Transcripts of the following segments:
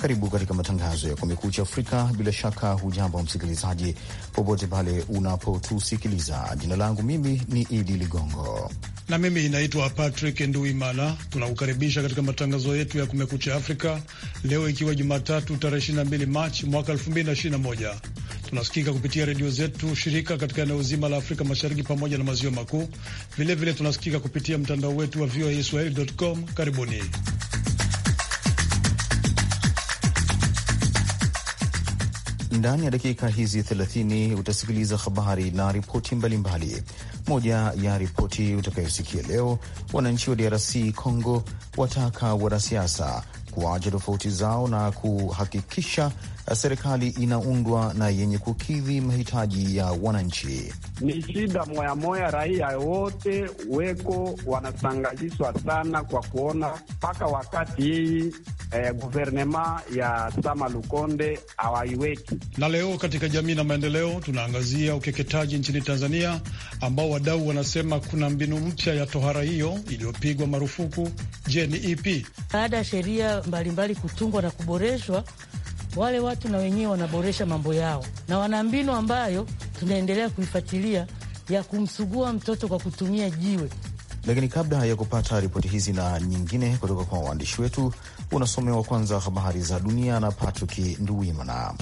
Karibu katika matangazo ya Kumekucha Afrika. Bila shaka, hujambo msikilizaji, popote pale unapotusikiliza. Jina langu mimi ni Idi Ligongo na mimi inaitwa Patrick Nduimana. Tunakukaribisha katika matangazo yetu ya Kumekucha Afrika leo, ikiwa Jumatatu tarehe 22 Machi mwaka 2021. Tunasikika kupitia redio zetu shirika katika eneo zima la Afrika Mashariki pamoja na maziwa makuu. Vilevile tunasikika kupitia mtandao wetu wa Swahili.com. Karibuni. Ndani ya dakika hizi 30 utasikiliza habari na ripoti mbalimbali. Moja ya ripoti utakayosikia leo, wananchi wa DRC Congo wataka wanasiasa kuacha tofauti zao na kuhakikisha serikali inaundwa na yenye kukidhi mahitaji ya wananchi. Ni shida moyamoya, raia wote weko wanasangazishwa sana kwa kuona mpaka wakati hii eh, guvernema ya Sama Lukonde hawaiweki. Na leo katika jamii na maendeleo tunaangazia ukeketaji nchini Tanzania, ambao wadau wanasema kuna mbinu mpya ya tohara hiyo iliyopigwa marufuku. Je, ni ipi? Baada ya sheria mbalimbali kutungwa na kuboreshwa wale watu na wenyewe wanaboresha mambo yao, na wana mbinu ambayo tunaendelea kuifuatilia ya kumsugua mtoto kwa kutumia jiwe. Lakini kabla ya kupata ripoti hizi na nyingine kutoka kwa waandishi wetu, unasomewa kwanza habari za dunia na Patrick Nduwimana.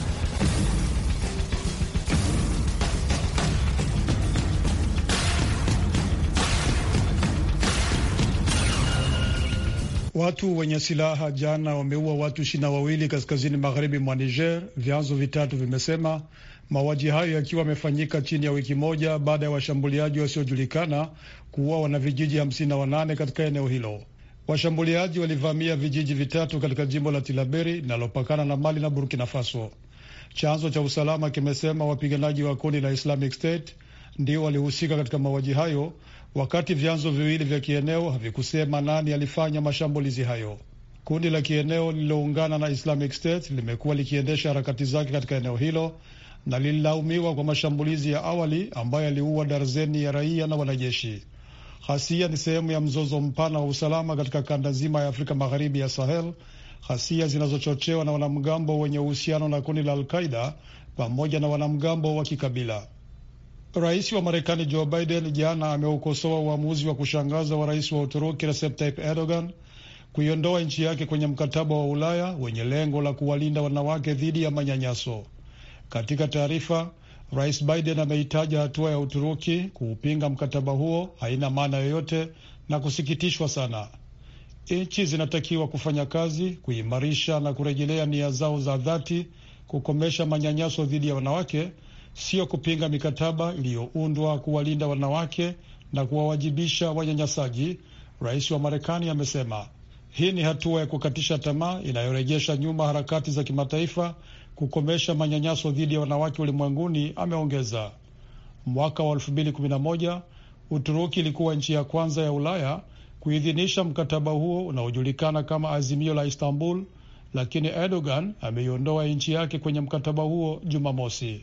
Watu wenye silaha jana wameua watu ishirini na wawili kaskazini magharibi mwa Niger, vyanzo vitatu vimesema, mauaji hayo yakiwa yamefanyika chini ya wiki moja baada ya washambuliaji wasiojulikana kuua wanavijiji hamsini na wanane katika eneo hilo. Washambuliaji walivamia vijiji vitatu katika jimbo la Tilaberi linalopakana na Mali na Burkina Faso. Chanzo cha usalama kimesema wapiganaji wa kundi la Islamic State ndio walihusika katika mauaji hayo wakati vyanzo viwili vya kieneo havikusema nani alifanya mashambulizi hayo. Kundi la kieneo lililoungana na Islamic State limekuwa likiendesha harakati zake katika eneo hilo na lililaumiwa kwa mashambulizi ya awali ambayo yaliua darzeni ya raia na wanajeshi. Ghasia ni sehemu ya mzozo mpana wa usalama katika kanda nzima ya Afrika Magharibi ya Sahel, ghasia zinazochochewa na wanamgambo wenye uhusiano na kundi la Alqaida pamoja na wanamgambo wa kikabila. Rais wa Marekani Joe Biden jana ameukosoa uamuzi wa kushangaza wa rais wa Uturuki Recep Tayyip Erdogan kuiondoa nchi yake kwenye mkataba wa Ulaya wenye lengo la kuwalinda wanawake dhidi ya manyanyaso. Katika taarifa, Rais Biden ameitaja hatua ya Uturuki kuupinga mkataba huo haina maana yoyote na kusikitishwa sana. Nchi zinatakiwa kufanya kazi kuimarisha na kurejelea nia zao za dhati kukomesha manyanyaso dhidi ya wanawake sio kupinga mikataba iliyoundwa kuwalinda wanawake na kuwawajibisha wanyanyasaji, rais wa Marekani amesema. Hii ni hatua ya kukatisha tamaa inayorejesha nyuma harakati za kimataifa kukomesha manyanyaso dhidi ya wanawake ulimwenguni, ameongeza. Mwaka wa 2011 Uturuki ilikuwa nchi ya kwanza ya Ulaya kuidhinisha mkataba huo unaojulikana kama Azimio la Istanbul, lakini Erdogan ameiondoa nchi yake kwenye mkataba huo Jumamosi.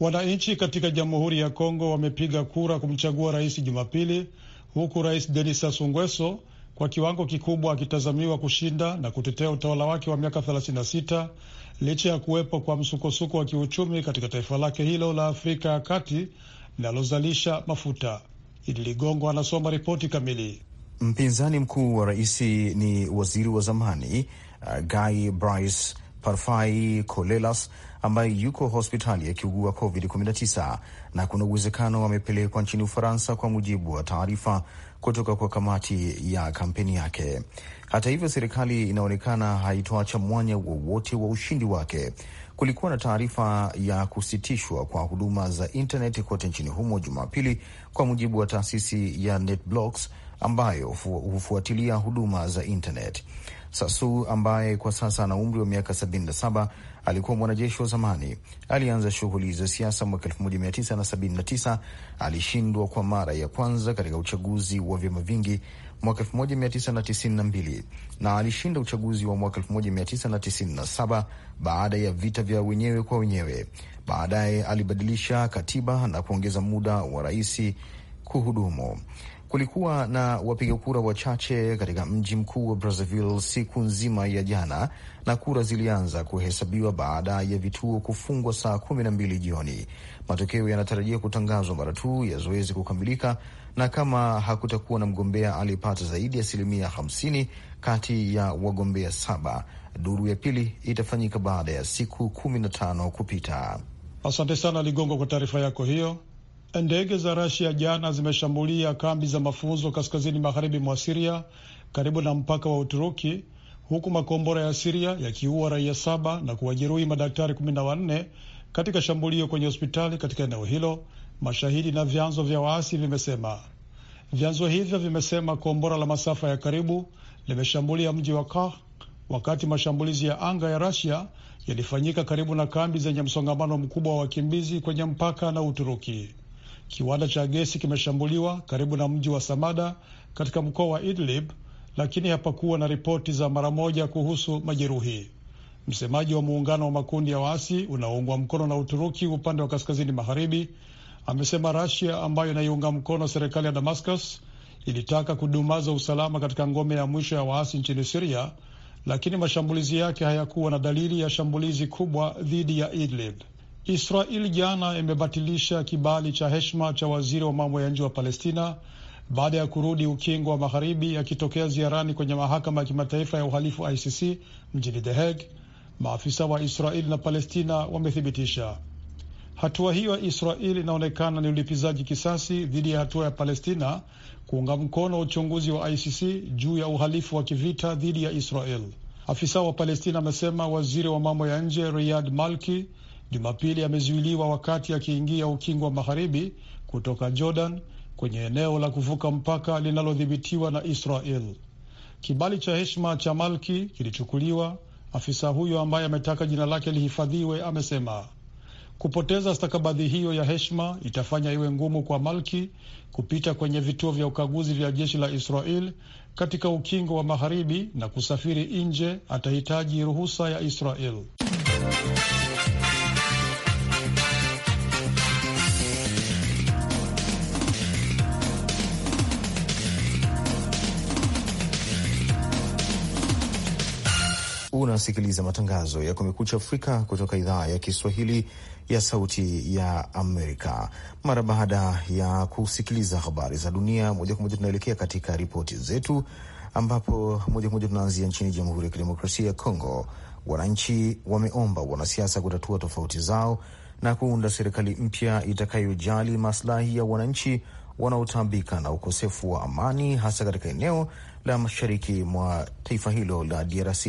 Wananchi katika Jamhuri ya Kongo wamepiga kura kumchagua rais Jumapili, huku rais Denis Sassou Nguesso kwa kiwango kikubwa akitazamiwa kushinda na kutetea utawala wake wa miaka 36 licha ya kuwepo kwa msukosuko wa kiuchumi katika taifa lake hilo la Afrika ya kati linalozalisha mafuta. Idi Ligongo anasoma ripoti kamili. Mpinzani mkuu wa rais ni waziri wa zamani uh, Guy Brice Parfait Colelas ambaye yuko hospitali akiugua COVID-19 na kuna uwezekano amepelekwa nchini Ufaransa, kwa mujibu wa taarifa kutoka kwa kamati ya kampeni yake. Hata hivyo, serikali inaonekana haitoacha mwanya wowote wa ushindi wake. Kulikuwa na taarifa ya kusitishwa kwa huduma za intnet kote nchini humo Jumapili, kwa mujibu wa taasisi ya NetBlocks ambayo hufuatilia huduma za intaneti. Sasu ambaye kwa sasa ana umri wa miaka 77 alikuwa mwanajeshi wa zamani. Alianza shughuli za siasa mwaka 1979. Alishindwa kwa mara ya kwanza katika uchaguzi wa vyama vingi mwaka 1992 na alishinda uchaguzi wa mwaka 1997 baada ya vita vya wenyewe kwa wenyewe. Baadaye alibadilisha katiba na kuongeza muda wa rais kuhudumu kulikuwa na wapiga kura wachache katika mji mkuu wa Brazzaville siku nzima ya jana, na kura zilianza kuhesabiwa baada ya vituo kufungwa saa kumi na mbili jioni. Matokeo yanatarajia kutangazwa mara tu ya zoezi kukamilika, na kama hakutakuwa na mgombea aliyepata zaidi ya asilimia hamsini kati ya wagombea saba, duru ya pili itafanyika baada ya siku kumi na tano kupita. Asante sana Ligongo kwa taarifa yako hiyo. Ndege za Rasia jana zimeshambulia kambi za mafunzo kaskazini magharibi mwa Siria karibu na mpaka wa Uturuki, huku makombora ya Siria yakiua raia saba na kuwajeruhi madaktari kumi na wanne katika shambulio kwenye hospitali katika eneo hilo, mashahidi na vyanzo vya waasi vimesema. Vyanzo hivyo vimesema kombora la masafa ya karibu limeshambulia mji wa Kah wakati mashambulizi ya anga ya Rasia yalifanyika karibu na kambi zenye msongamano mkubwa wa wakimbizi kwenye mpaka na Uturuki. Kiwanda cha gesi kimeshambuliwa karibu na mji wa Samada katika mkoa wa Idlib, lakini hapakuwa na ripoti za mara moja kuhusu majeruhi. Msemaji wa muungano wa makundi ya waasi unaoungwa mkono na Uturuki upande wa kaskazini magharibi amesema Rasia ambayo inaiunga mkono serikali ya Damascus ilitaka kudumaza usalama katika ngome ya mwisho ya waasi nchini Siria, lakini mashambulizi yake hayakuwa na dalili ya shambulizi kubwa dhidi ya Idlib. Israel jana imebatilisha kibali cha heshima cha waziri wa mambo ya nje wa Palestina baada ya kurudi ukingo wa magharibi akitokea ziarani kwenye mahakama ya kimataifa ya uhalifu ICC mjini The Hague, maafisa wa Israel na Palestina wamethibitisha. Hatua hiyo ya Israel inaonekana ni ulipizaji kisasi dhidi ya hatua ya Palestina kuunga mkono uchunguzi wa ICC juu ya uhalifu wa kivita dhidi ya Israel. Afisa wa Palestina amesema waziri wa mambo ya nje Riyad Malki Jumapili amezuiliwa wakati akiingia ukingo wa magharibi kutoka Jordan kwenye eneo la kuvuka mpaka linalodhibitiwa na Israel. Kibali cha heshima cha Malki kilichukuliwa, afisa huyo ambaye ametaka jina lake lihifadhiwe amesema. Kupoteza stakabadhi hiyo ya heshima itafanya iwe ngumu kwa Malki kupita kwenye vituo vya ukaguzi vya jeshi la Israel katika ukingo wa magharibi na kusafiri nje, atahitaji ruhusa ya Israel. unasikiliza matangazo ya Kumekucha Afrika kutoka idhaa ya Kiswahili ya Sauti ya Amerika. Mara baada ya kusikiliza habari za dunia moja kwa moja, tunaelekea katika ripoti zetu, ambapo moja kwa moja tunaanzia nchini Jamhuri ya Kidemokrasia ya Kongo. Wananchi wameomba wanasiasa kutatua tofauti zao na kuunda serikali mpya itakayojali maslahi ya wananchi wanaotambika na ukosefu wa amani hasa katika eneo la mashariki mwa taifa hilo la DRC.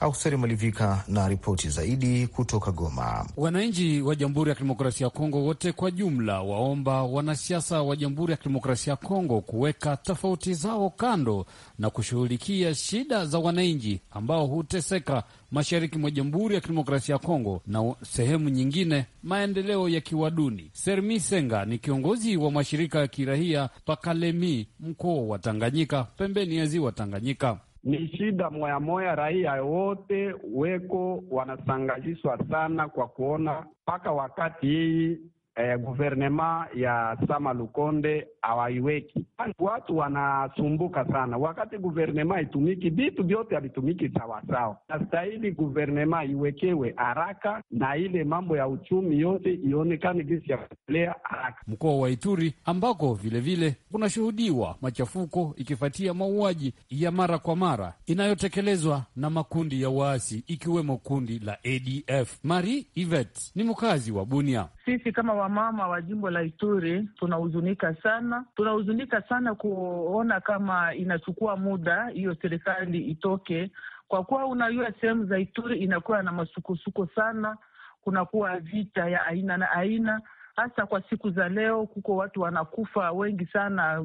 Auseri Malivika na ripoti zaidi kutoka Goma. Wananchi wa Jamhuri ya Kidemokrasia ya Kongo wote kwa jumla waomba wanasiasa wa Jamhuri ya Kidemokrasia ya Kongo kuweka tofauti zao kando na kushughulikia shida za wananchi ambao huteseka mashariki mwa Jamhuri ya Kidemokrasia ya Kongo na sehemu nyingine maendeleo ya kiwaduni Sermi Senga ni kiongozi wa mashirika ya kirahia Pakalemi, mkoa wa Tanganyika, pembeni ya ziwa Tanganyika. Ni shida moya moya, raia wote weko wanasangazishwa sana kwa kuona mpaka wakati hii eh, guvernema ya Sama Lukonde hawaiweki. Yaani watu wanasumbuka sana, wakati guvernema itumiki, vitu vyote havitumiki sawasawa. Nastahili guvernema iwekewe haraka na ile mambo ya uchumi yote ionekane jinsi ya kuendelea haraka. Mkoa wa Ituri ambako vilevile kunashuhudiwa machafuko ikifuatia mauaji ya mara kwa mara inayotekelezwa na makundi ya waasi ikiwemo kundi la ADF. Marie ivet ni mkazi wa Bunia. Sisi kama wamama wa jimbo la Ituri tunahuzunika sana sana. Tunahuzunika sana kuona kama inachukua muda hiyo serikali itoke, kwa kuwa unajua sehemu za Ituri inakuwa na masukosuko sana, kunakuwa vita ya aina na aina hasa kwa siku za leo, kuko watu wanakufa wengi sana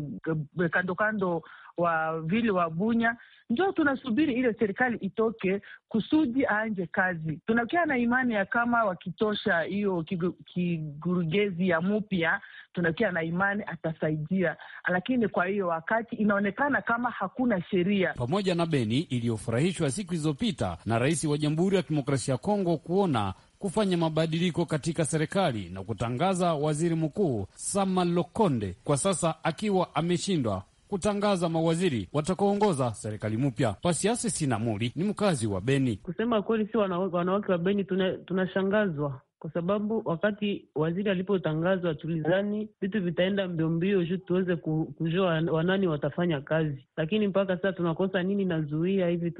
kando kando wa vile wa Bunya. Njo tunasubiri ile serikali itoke kusudi aanje kazi. Tunakia na imani ya kama wakitosha hiyo kigurugezi ya mupya, tunakia na imani atasaidia, lakini kwa hiyo wakati inaonekana kama hakuna sheria. Pamoja na Beni iliyofurahishwa siku zilizopita na rais wa Jamhuri ya Kidemokrasia ya Kongo kuona kufanya mabadiliko katika serikali na kutangaza waziri mkuu Sama Lokonde, kwa sasa akiwa ameshindwa kutangaza mawaziri watakaoongoza serikali mpya. Pasiasi Sinamuli ni mkazi wa Beni. Kusema kweli, si wanawake wa Beni tunashangazwa tuna kwa sababu wakati waziri alipotangazwa tulizani vitu vitaenda mbiombio mbio juu tuweze kujua wanani watafanya kazi, lakini mpaka sasa tunakosa nini nazuia hivi,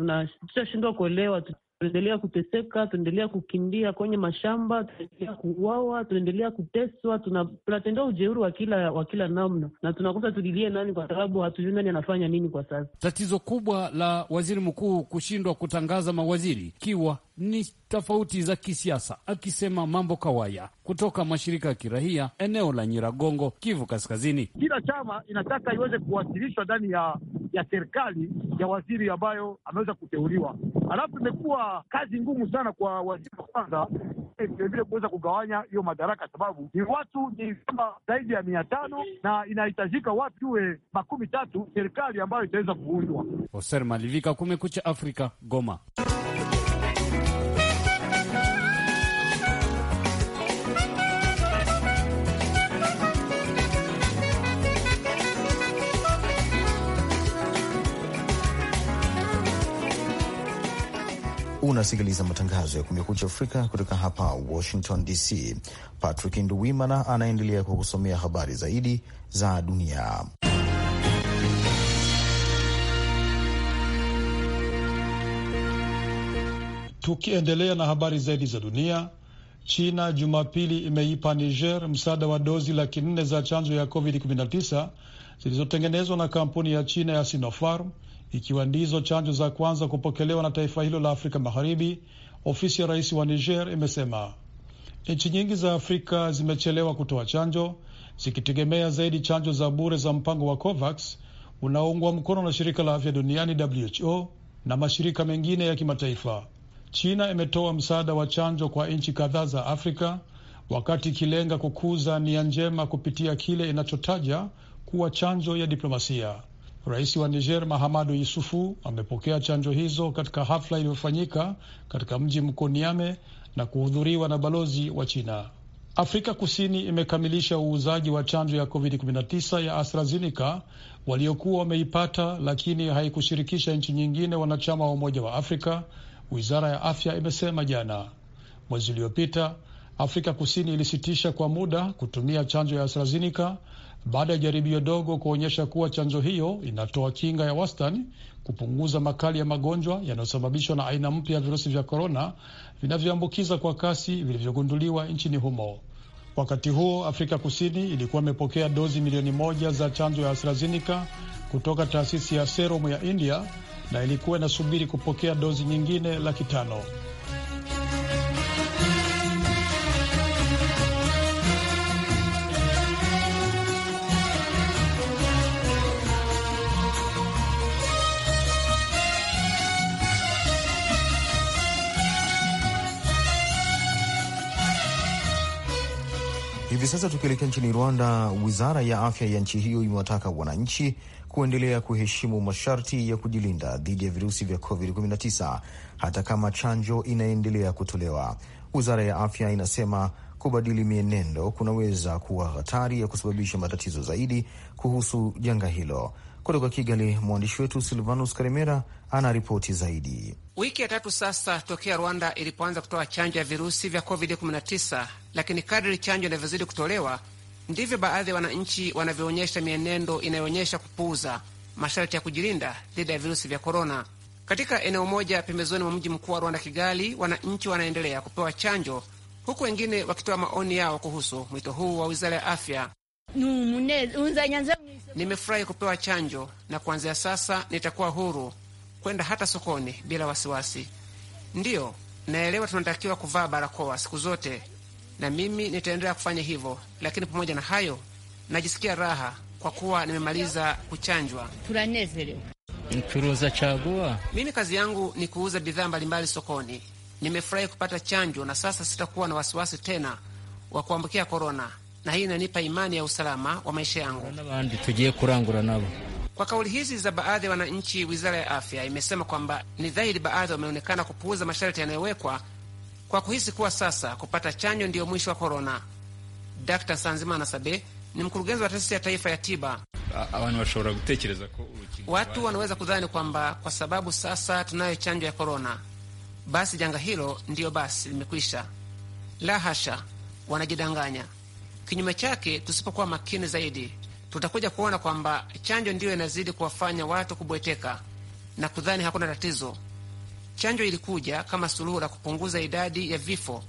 tutashindwa kuelewa tunaendelea kuteseka, tunaendelea kukimbia kwenye mashamba, tunaendelea kuuawa, tunaendelea kuteswa, tunatendea ujeuri wa kila wa kila namna, na tunakosa tulilie nani, kwa sababu hatujui nani anafanya nini kwa sasa. Tatizo kubwa la waziri mkuu kushindwa kutangaza mawaziri ikiwa ni tofauti za kisiasa, akisema Mambo Kawaya kutoka mashirika ya kirahia eneo la Nyiragongo, Kivu Kaskazini. Kila chama inataka iweze kuwasilishwa ndani ya ya serikali ya waziri ambayo ameweza kuteuliwa. Alafu imekuwa kazi ngumu sana kwa waziri wa kwanza vilevile eh, kuweza kugawanya hiyo madaraka, sababu ni watu ni vyama zaidi ya mia tano na inahitajika watu iwe makumi tatu serikali ambayo itaweza kuundwa. Hoser Malivika, Kumekucha Afrika, Goma. Unasikiliza matangazo ya Kumekucha Afrika kutoka hapa Washington DC. Patrick Nduwimana anaendelea kukusomea habari zaidi za dunia. Tukiendelea na habari zaidi za dunia, China Jumapili imeipa Niger msaada wa dozi laki nne za chanjo ya COVID-19 zilizotengenezwa na kampuni ya China ya Sinopharm ikiwa ndizo chanjo za kwanza kupokelewa na taifa hilo la Afrika Magharibi. Ofisi ya rais wa Niger imesema nchi nyingi za Afrika zimechelewa kutoa chanjo zikitegemea zaidi chanjo za bure za mpango wa COVAX unaoungwa mkono na shirika la afya duniani WHO na mashirika mengine ya kimataifa. China imetoa msaada wa chanjo kwa nchi kadhaa za Afrika wakati ikilenga kukuza nia njema kupitia kile inachotaja kuwa chanjo ya diplomasia. Rais wa Niger Mahamadu Yusufu amepokea chanjo hizo katika hafla iliyofanyika katika mji mkuu Niame na kuhudhuriwa na balozi wa China. Afrika Kusini imekamilisha uuzaji wa chanjo ya COVID-19 ya AstraZeneca waliokuwa wameipata, lakini haikushirikisha nchi nyingine wanachama wa Umoja wa Afrika, wizara ya afya imesema jana. Mwezi uliopita Afrika Kusini ilisitisha kwa muda kutumia chanjo ya AstraZeneca baada ya jaribio dogo kuonyesha kuwa chanjo hiyo inatoa kinga ya wastani kupunguza makali ya magonjwa yanayosababishwa na aina mpya ya virusi vya korona vinavyoambukiza kwa kasi vilivyogunduliwa nchini humo. Wakati huo, Afrika Kusini ilikuwa imepokea dozi milioni moja za chanjo ya AstraZeneca kutoka taasisi ya serumu ya India na ilikuwa inasubiri kupokea dozi nyingine laki tano. Hivi sasa tukielekea nchini Rwanda, wizara ya afya ya nchi hiyo imewataka wananchi kuendelea kuheshimu masharti ya kujilinda dhidi ya virusi vya COVID-19 hata kama chanjo inaendelea kutolewa. Wizara ya afya inasema kubadili mienendo kunaweza kuwa hatari ya kusababisha matatizo zaidi kuhusu janga hilo. Kutoka Kigali, mwandishi wetu Silvanus Karimera ana ripoti zaidi. Wiki ya tatu sasa tokea Rwanda ilipoanza kutoa chanjo ya virusi vya COVID-19, lakini kadri chanjo inavyozidi kutolewa ndivyo baadhi ya wananchi wanavyoonyesha mienendo inayoonyesha kupuuza masharti ya kujilinda dhidi ya virusi vya korona. Katika eneo moja pembezoni mwa mji mkuu wa Rwanda, Kigali, wananchi wanaendelea kupewa chanjo huku wengine wakitoa maoni yao kuhusu mwito huu wa wizara ya afya. Nimefurahi kupewa chanjo na kuanzia sasa nitakuwa huru kwenda hata sokoni bila wasiwasi. Ndiyo, naelewa tunatakiwa kuvaa barakoa siku zote, na mimi nitaendelea kufanya hivyo, lakini pamoja na hayo najisikia raha kwa kuwa nimemaliza kuchanjwa. Mimi kazi yangu ni kuuza bidhaa mbalimbali sokoni Nimefurahi kupata chanjo na sasa sitakuwa na wasiwasi tena wa kuambukia korona, na hii inanipa imani ya usalama wa maisha yangu. Kwa kauli hizi za baadhi ya wananchi, wizara ya afya imesema kwamba ni dhahiri baadhi wameonekana kupuuza masharti yanayowekwa kwa kuhisi kuwa sasa kupata chanjo ndiyo mwisho wa korona. Dkt Sanzimana Sabe ni mkurugenzi wa taasisi ya taifa ya tiba. Watu wanaweza kudhani kwamba kwa sababu sasa tunayo chanjo ya korona basi janga hilo ndiyo basi limekwisha. La hasha, wanajidanganya. Kinyume chake, tusipokuwa makini zaidi, tutakuja kuona kwamba chanjo ndiyo inazidi kuwafanya watu kubweteka na kudhani hakuna tatizo. Chanjo ilikuja kama suluhu la kupunguza idadi ya vifo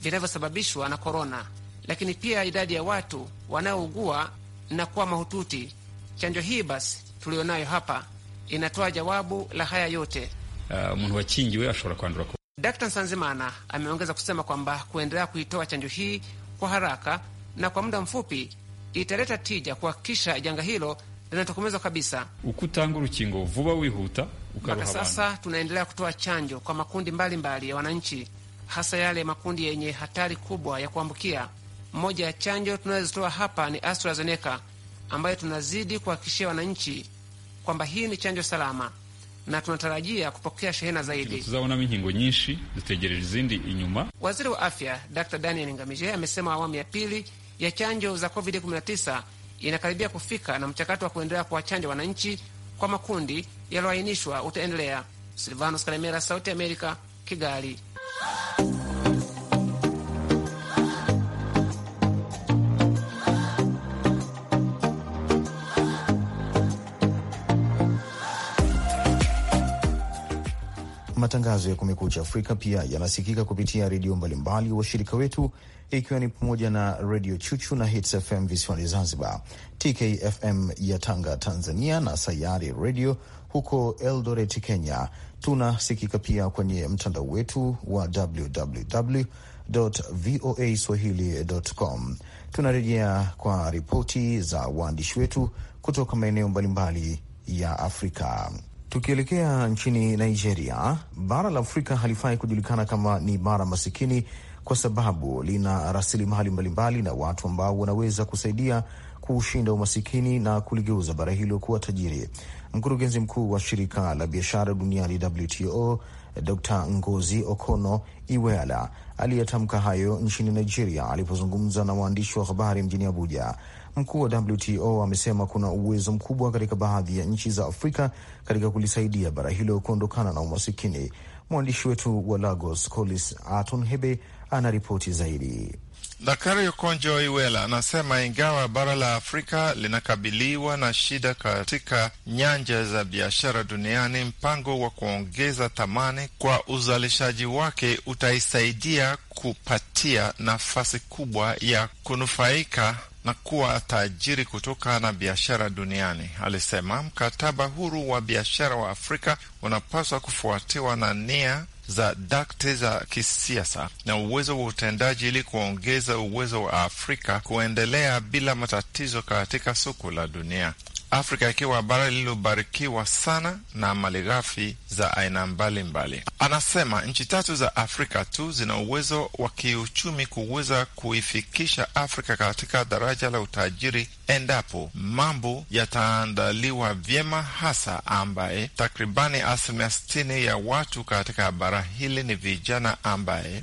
vinavyosababishwa na korona, lakini pia idadi ya watu wanaougua na kuwa mahututi. Chanjo hii basi tuliyonayo hapa inatoa jawabu la haya yote. Uh, umuntu wakingiwe ashobora kwandura. Dr Nsanzimana ameongeza kusema kwamba kuendelea kuitoa chanjo hii kwa haraka na kwa muda mfupi italeta tija kuhakikisha janga hilo linatokomezwa kabisa. ukutanga urukingo vuba wihuta Mpaka sasa tunaendelea kutoa chanjo kwa makundi mbalimbali mbali ya wananchi, hasa yale makundi yenye hatari kubwa ya kuambukia. Moja ya chanjo tunayozitoa hapa ni AstraZeneca ambayo tunazidi kuhakikishia wananchi kwamba hii ni chanjo salama na tunatarajia kupokea shehena zaidi. Tuzaona mihingo nyinshi zitegereje zindi inyuma. Waziri wa afya Dr Daniel Ngamije amesema awamu ya pili ya chanjo za COVID-19 inakaribia kufika na mchakato wa kuendelea kuwachanja wananchi kwa makundi yaliyoainishwa utaendelea. Silvanos Kalemera, Sauti Amerika, Kigali. Matangazo ya Kumekucha Afrika pia yanasikika kupitia redio mbalimbali washirika wetu, ikiwa ni pamoja na Redio Chuchu na Hits FM visiwani Zanzibar, TKFM ya Tanga, Tanzania, na Sayari Redio huko Eldoret, Kenya. Tunasikika pia kwenye mtandao wetu wa www voa swahili.com. Tunarejea kwa ripoti za waandishi wetu kutoka maeneo mbalimbali ya Afrika. Tukielekea nchini Nigeria, bara la Afrika halifai kujulikana kama ni bara masikini kwa sababu lina rasilimali mbalimbali na watu ambao wanaweza kusaidia kuushinda umasikini na kuligeuza bara hilo kuwa tajiri. Mkurugenzi mkuu wa shirika la biashara duniani WTO Dr Ngozi Okono Iweala aliyetamka hayo nchini Nigeria alipozungumza na waandishi wa habari mjini Abuja. Mkuu wa WTO amesema kuna uwezo mkubwa katika baadhi ya nchi za Afrika katika kulisaidia bara hilo kuondokana na umasikini. Mwandishi wetu wa Lagos, Colis Aton Hebe, anaripoti zaidi. Daktari Okonjo Iweala anasema ingawa bara la Afrika linakabiliwa na shida katika nyanja za biashara duniani, mpango wa kuongeza thamani kwa uzalishaji wake utaisaidia kupatia nafasi kubwa ya kunufaika na kuwa tajiri kutokana na biashara duniani. Alisema mkataba huru wa biashara wa Afrika unapaswa kufuatiwa na nia za dakte za kisiasa na uwezo wa utendaji ili kuongeza uwezo wa Afrika kuendelea bila matatizo katika soko la dunia. Afrika ikiwa bara lililobarikiwa sana na malighafi za aina mbalimbali. Anasema nchi tatu za Afrika tu zina uwezo wa kiuchumi kuweza kuifikisha Afrika katika daraja la utajiri endapo mambo yataandaliwa vyema, hasa ambaye takribani asilimia sitini ya watu katika bara hili ni vijana ambaye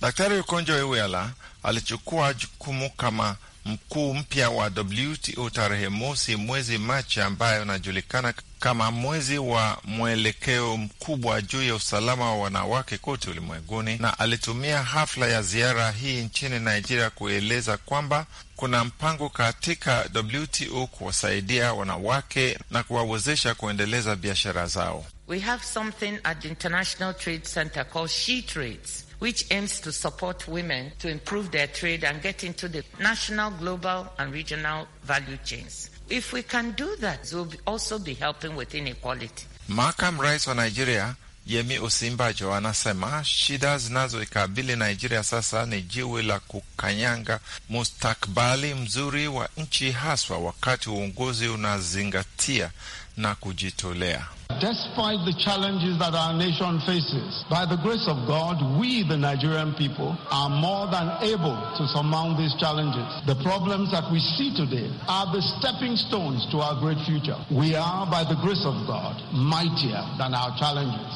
Daktari Okonjo Iweala alichukua jukumu kama mkuu mpya wa WTO tarehe mosi mwezi Machi, ambayo unajulikana kama mwezi wa mwelekeo mkubwa juu ya usalama wa wanawake kote ulimwenguni, na alitumia hafla ya ziara hii nchini Nigeria kueleza kwamba kuna mpango katika WTO kuwasaidia wanawake na kuwawezesha kuendeleza biashara zao. We have something at the International Trade Center called She Trades. which aims to support women to improve their trade and get into the national, global, and regional value chains. If we can do that, we'll also be helping with inequality. Makamu rice wa Nigeria Yemi Osinbajo anasema shida zinazoikabili Nigeria sasa ni jiwe la kukanyanga mustakbali mzuri wa nchi, haswa wakati uongozi unazingatia na kujitolea. Despite the challenges that our nation faces, by the grace of God, we the Nigerian people are more than able to surmount these challenges. The problems that we see today are the stepping stones to our great future. We are, by the grace of God, mightier than our challenges.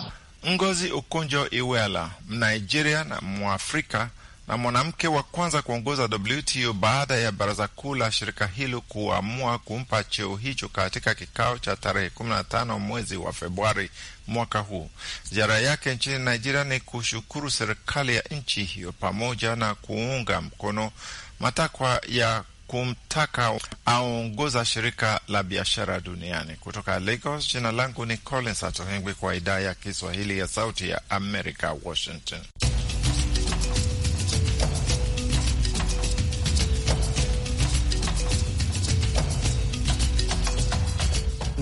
Ngozi Okonjo-Iweala, Mnigeria na Mwafrika na mwanamke wa kwanza kuongoza WTO baada ya baraza kuu la shirika hilo kuamua kumpa cheo hicho katika kikao cha tarehe 15 mwezi wa Februari mwaka huu. Ziara yake nchini Nigeria ni kushukuru serikali ya nchi hiyo pamoja na kuunga mkono matakwa ya kumtaka aongoza shirika la biashara duniani. Kutoka Lagos, jina langu ni Collins Atohengwi kwa idhaa ya Kiswahili ya Sauti ya Amerika, Washington.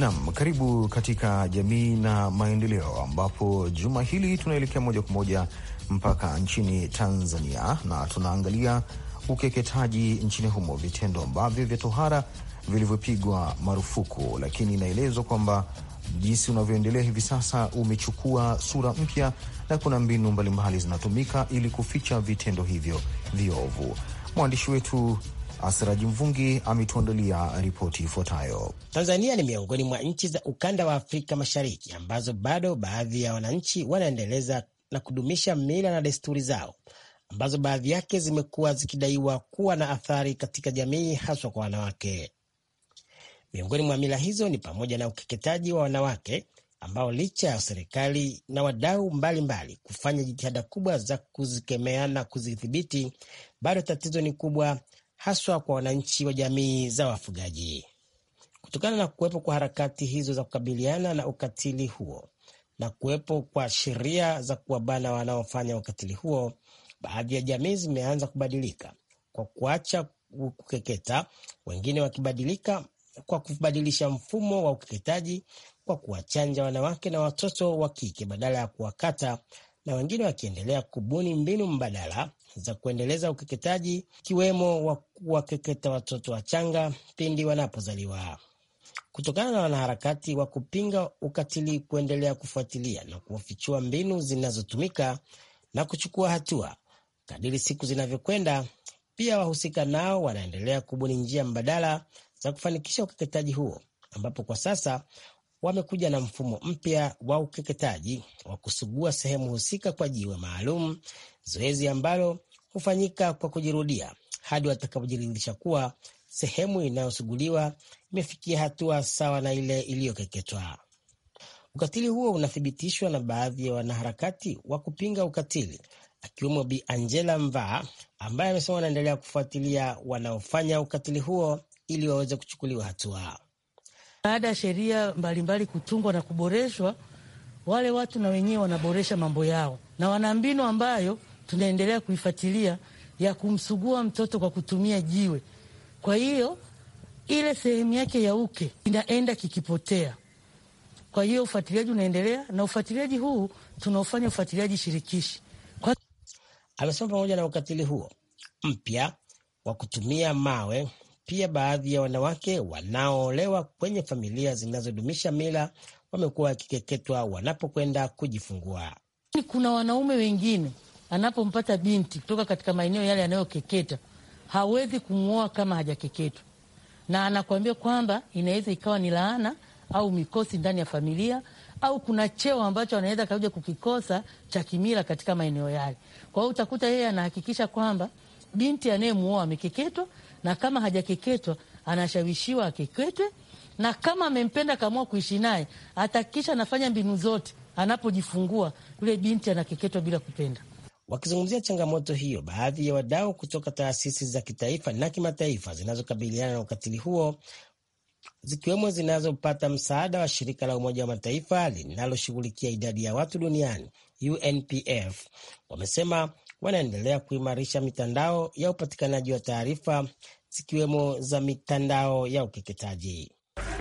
Nam, karibu katika jamii na maendeleo, ambapo juma hili tunaelekea moja kwa moja mpaka nchini Tanzania na tunaangalia ukeketaji nchini humo, vitendo ambavyo vya tohara vilivyopigwa marufuku, lakini inaelezwa kwamba jinsi unavyoendelea hivi sasa umechukua sura mpya na kuna mbinu mbalimbali zinatumika ili kuficha vitendo hivyo viovu. Mwandishi wetu Asiraji Mvungi ametuandalia ripoti ifuatayo. Tanzania ni miongoni mwa nchi za ukanda wa Afrika Mashariki ambazo bado baadhi ya wananchi wanaendeleza na kudumisha mila na desturi zao ambazo baadhi yake zimekuwa zikidaiwa kuwa na athari katika jamii, haswa kwa wanawake. Miongoni mwa mila hizo ni pamoja na ukeketaji wa wanawake ambao licha ya serikali na wadau mbalimbali kufanya jitihada kubwa za kuzikemea na kuzidhibiti, bado tatizo ni kubwa, haswa kwa wananchi wa jamii za wafugaji. Kutokana na kuwepo kwa harakati hizo za kukabiliana na ukatili huo na kuwepo kwa sheria za kuwabana wanaofanya ukatili huo, baadhi ya jamii zimeanza kubadilika kwa kuacha kukeketa, wengine wakibadilika kwa kubadilisha mfumo wa ukeketaji kwa kuwachanja wanawake na watoto wa kike badala ya kuwakata na wengine wakiendelea kubuni mbinu mbadala za kuendeleza ukeketaji, ikiwemo wa kuwakeketa watoto wachanga pindi wanapozaliwa. Kutokana na wanaharakati wa kupinga ukatili kuendelea kufuatilia na kuwafichua mbinu zinazotumika na kuchukua hatua kadiri siku zinavyokwenda, pia wahusika nao wanaendelea kubuni njia mbadala za kufanikisha ukeketaji huo, ambapo kwa sasa wamekuja na mfumo mpya wa ukeketaji wa kusugua sehemu husika kwa jiwe maalum, zoezi ambalo hufanyika kwa kujirudia hadi watakapojiridhisha kuwa sehemu inayosuguliwa imefikia hatua sawa na ile iliyokeketwa. Ukatili huo unathibitishwa na baadhi ya wanaharakati wa kupinga ukatili akiwemo Bi Angela Mvaa ambaye amesema wanaendelea kufuatilia wanaofanya ukatili huo ili waweze kuchukuliwa hatua. Baada ya sheria mbalimbali kutungwa na kuboreshwa, wale watu na wenyewe wanaboresha mambo yao, na wana mbinu ambayo tunaendelea kuifuatilia ya kumsugua mtoto kwa kutumia jiwe. Kwa hiyo ile sehemu yake ya uke inaenda kikipotea. Kwa hiyo ufuatiliaji unaendelea, na ufuatiliaji huu tunaofanya ufuatiliaji shirikishi kwa... amesema pamoja na ukatili huo mpya wa kutumia mawe pia baadhi ya wanawake wanaoolewa kwenye familia zinazodumisha mila wamekuwa wakikeketwa wanapokwenda kujifungua. Kuna wanaume wengine, anapompata binti kutoka katika maeneo yale yanayokeketa hawezi kumwoa kama hajakeketwa, na anakuambia kwamba inaweza ikawa ni laana au mikosi ndani ya familia au kuna cheo ambacho anaweza kakuja kukikosa cha kimila katika maeneo yale. Kwa hiyo utakuta yeye anahakikisha kwamba binti anayemuoa amekeketwa, na kama hajakeketwa anashawishiwa akeketwe, na kama amempenda kamua kuishi naye, atakisha anafanya mbinu zote anapojifungua yule binti anakeketwa bila kupenda. Wakizungumzia changamoto hiyo, baadhi ya wadau kutoka taasisi za kitaifa na kimataifa zinazokabiliana na ukatili huo zikiwemo zinazopata msaada wa shirika la Umoja wa Mataifa linaloshughulikia idadi ya watu duniani UNPF wamesema wanaendelea kuimarisha mitandao ya upatikanaji wa taarifa zikiwemo za mitandao ya ukeketaji.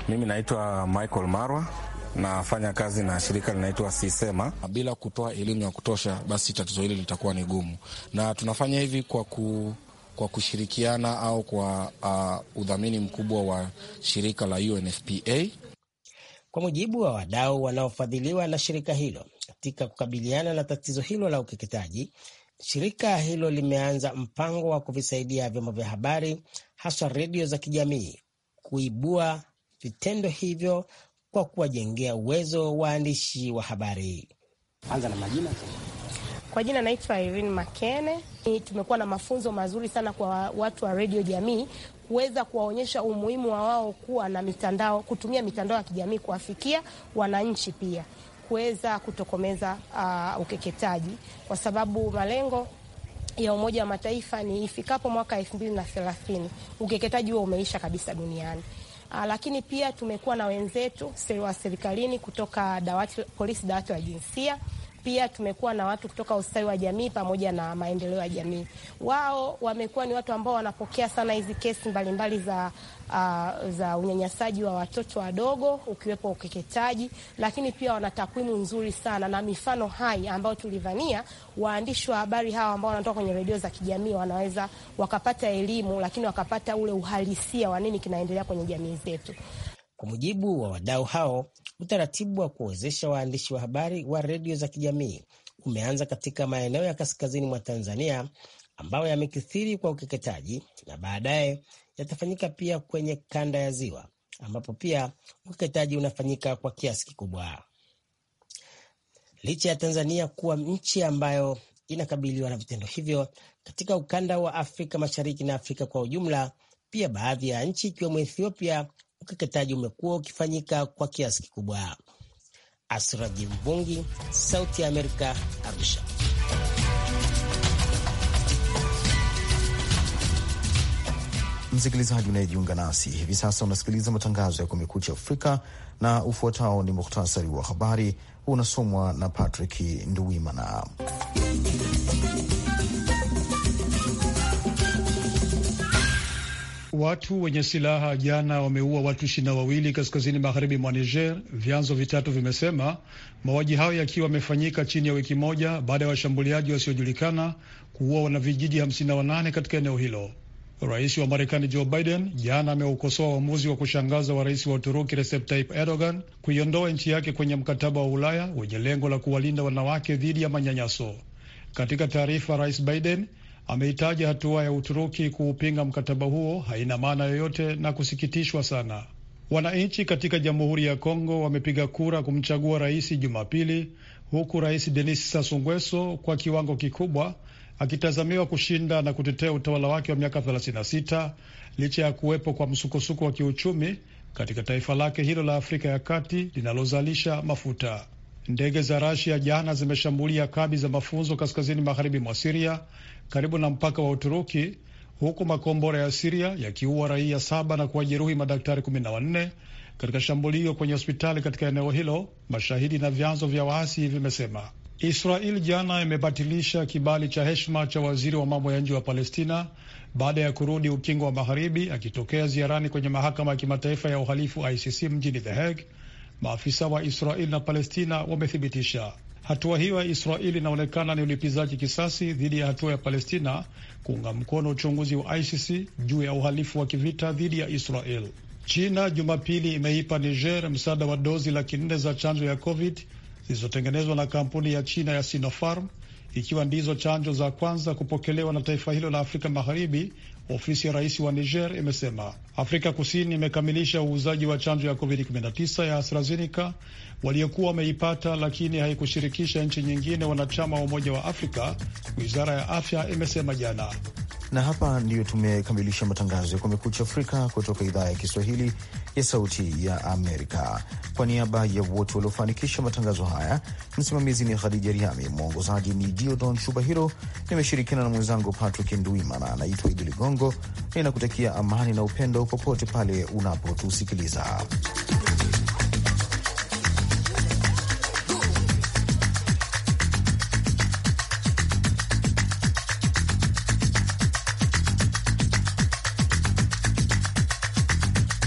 Mimi naitwa Michael Marwa, nafanya kazi na shirika linaitwa Sisema. Bila kutoa elimu ya kutosha, basi tatizo hili litakuwa ni gumu, na tunafanya hivi kwa ku kwa kushirikiana au kwa uh, udhamini mkubwa wa shirika la UNFPA. Kwa mujibu wa wadau wanaofadhiliwa na shirika hilo, katika kukabiliana na tatizo hilo la ukeketaji, Shirika hilo limeanza mpango wa kuvisaidia vyombo vya habari haswa redio za kijamii kuibua vitendo hivyo kwa kuwajengea uwezo waandishi wa habari. Anza na majina. Kwa jina naitwa Irene Makene. Tumekuwa na mafunzo mazuri sana kwa watu wa redio jamii kuweza kuwaonyesha umuhimu wa wao kuwa na mitandao, kutumia mitandao ya kijamii kuwafikia wananchi pia kuweza kutokomeza uh, ukeketaji kwa sababu malengo ya Umoja wa Mataifa ni ifikapo mwaka elfu mbili na thelathini ukeketaji huo umeisha kabisa duniani. Uh, lakini pia tumekuwa na wenzetu wa serikalini kutoka dawati, polisi dawati la jinsia pia tumekuwa na watu kutoka ustawi wa jamii pamoja na maendeleo ya jamii. Wao wamekuwa ni watu ambao wanapokea sana hizi kesi mbalimbali za Uh, za unyanyasaji wa watoto wadogo ukiwepo ukeketaji, lakini pia wana takwimu nzuri sana na mifano hai ambayo tulivania waandishi wa habari hawa ambao wanatoka kwenye redio za kijamii wanaweza wakapata elimu, lakini wakapata ule uhalisia wa nini kinaendelea kwenye jamii zetu. Kwa mujibu wa wadau hao, utaratibu wa kuwawezesha waandishi wa habari wa redio za kijamii umeanza katika maeneo ya kaskazini mwa Tanzania ambayo yamekithiri kwa ukeketaji na baadaye yatafanyika pia kwenye kanda ya Ziwa ambapo pia ukeketaji unafanyika kwa kiasi kikubwa. Licha ya Tanzania kuwa nchi ambayo inakabiliwa na vitendo hivyo katika ukanda wa Afrika Mashariki na Afrika kwa ujumla, pia baadhi ya nchi ikiwemo Ethiopia ukeketaji umekuwa ukifanyika kwa kiasi kikubwa. Asraji Mvungi, Sauti ya Amerika, Arusha. Msikilizaji unayejiunga nasi hivi sasa, unasikiliza matangazo ya Kumekucha Afrika na ufuatao ni muhtasari wa habari unasomwa na Patrick Nduwimana. Watu wenye silaha jana wameua watu ishirini na wawili kaskazini magharibi mwa Niger, vyanzo vitatu vimesema, mauaji hayo yakiwa yamefanyika chini ya wiki moja baada ya washambuliaji wasiojulikana kuua wanavijiji 58 katika eneo hilo. Rais wa Marekani Joe Biden jana ameukosoa uamuzi wa kushangaza wa rais wa Uturuki Recep Tayyip Erdogan kuiondoa nchi yake kwenye mkataba wa Ulaya wenye lengo la kuwalinda wanawake dhidi ya manyanyaso. Katika taarifa, Rais Biden ameitaja hatua ya Uturuki kuupinga mkataba huo haina maana yoyote na kusikitishwa sana. Wananchi katika Jamhuri ya Kongo wamepiga kura kumchagua rais Jumapili, huku Rais Denis Sassou Nguesso kwa kiwango kikubwa akitazamiwa kushinda na kutetea utawala wake wa miaka 36 licha ya kuwepo kwa msukosuko wa kiuchumi katika taifa lake hilo la Afrika ya Kati linalozalisha mafuta. Ndege za Rasia jana zimeshambulia kambi za mafunzo kaskazini magharibi mwa Siria karibu na mpaka wa Uturuki, huku makombora ya Siria yakiua raia saba na kuwajeruhi madaktari kumi na wanne katika shambulio kwenye hospitali katika eneo hilo, mashahidi na vyanzo vya waasi vimesema. Israel jana imebatilisha kibali cha heshima cha waziri wa mambo ya nje wa Palestina baada ya kurudi ukingo wa magharibi akitokea ziarani kwenye mahakama ya kimataifa ya uhalifu ICC mjini The Hague maafisa wa Israeli na Palestina wamethibitisha. Hatua hiyo ya Israeli inaonekana ni ulipizaji kisasi dhidi ya hatua ya Palestina kuunga mkono uchunguzi wa ICC juu ya uhalifu wa kivita dhidi ya Israel. China Jumapili imeipa Niger msaada wa dozi laki nne za chanjo ya COVID zilizotengenezwa na kampuni ya China ya Sinopharm, ikiwa ndizo chanjo za kwanza kupokelewa na taifa hilo la Afrika Magharibi Ofisi ya rais wa Niger imesema Afrika Kusini imekamilisha uuzaji wa chanjo ya COVID-19 ya AstraZeneca waliokuwa wameipata, lakini haikushirikisha nchi nyingine wanachama wa Umoja wa Afrika, wizara ya afya imesema jana. Na hapa ndiyo tumekamilisha matangazo ya Kumekucha Afrika kutoka idhaa ya Kiswahili ya Sauti ya Amerika. Kwa niaba ya wote waliofanikisha matangazo haya, msimamizi ni Khadija Riami, mwongozaji ni Diodon Shubahiro. Nimeshirikiana na mwenzangu Patrick Nduimana. anaitwa Idi Ligongo, ninakutakia amani na upendo popote pale unapotusikiliza.